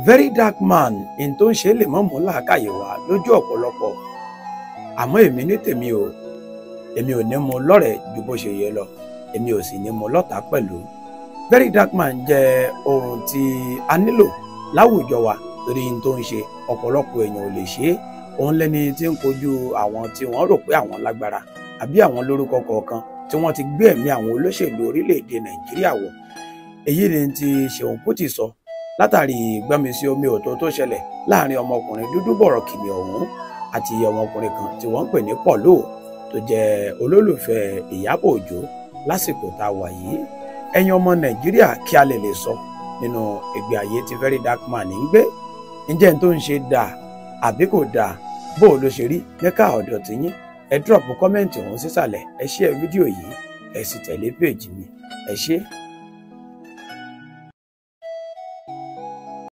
very dark man in tó ń ṣe lè mọ̀mú làákàyè wá lójú ọ̀pọ̀lọpọ̀ àmọ́ èmi ní tèmi o èmi ò ní mu lọ́rẹ̀ẹ́ ju bó ṣe yẹ lọ èmi ò sì ní mu lọ́tà pẹ̀lú very dark man jẹ́ ohun tí a nílò láwùjọ wa torí n tó ń ṣe ọ̀pọ̀lọpọ̀ èèyàn ò lè ṣe é òun lẹ́ni tí ń kojú àwọn tí wọ́n rò pé àwọn lágbára àbí àwọn lórúkọ kọ̀ọ̀kan tí wọ́n ti gbé ẹ̀mí àwọn olóṣèlú orílẹ̀-èdè nàìjíríà wọ̀ èyí ni ti ṣeun kútì sọ látàrí gbọ́nmísí omi ọ̀tọ̀ tó ṣẹlẹ̀ láàrin ọmọkùnrin dúdú bọ̀rọ̀ kìmì ọ̀hún àti ọmọkùnrin kan tí wọ́n ń pè ní pọ̀lú tó jẹ́ olólùfẹ́ ìyábọ̀ òjó lásìkò tá a wà yìí ẹ̀yin ọmọ nàìjíríà kí a lè lè sọ nínú ìgbé ayé tí very dark man ń gbé ǹjẹ́ n tó ń ṣe dáa àbí kò dáa bó o ló ṣe rí níka ọ̀dọ̀ tí yín ẹ drop kọ́mẹ́ǹtì ọ̀hún sísàlẹ̀ ẹ ṣe fídíò yìí ẹ sì tẹ̀lé péèjì mi ẹ ṣe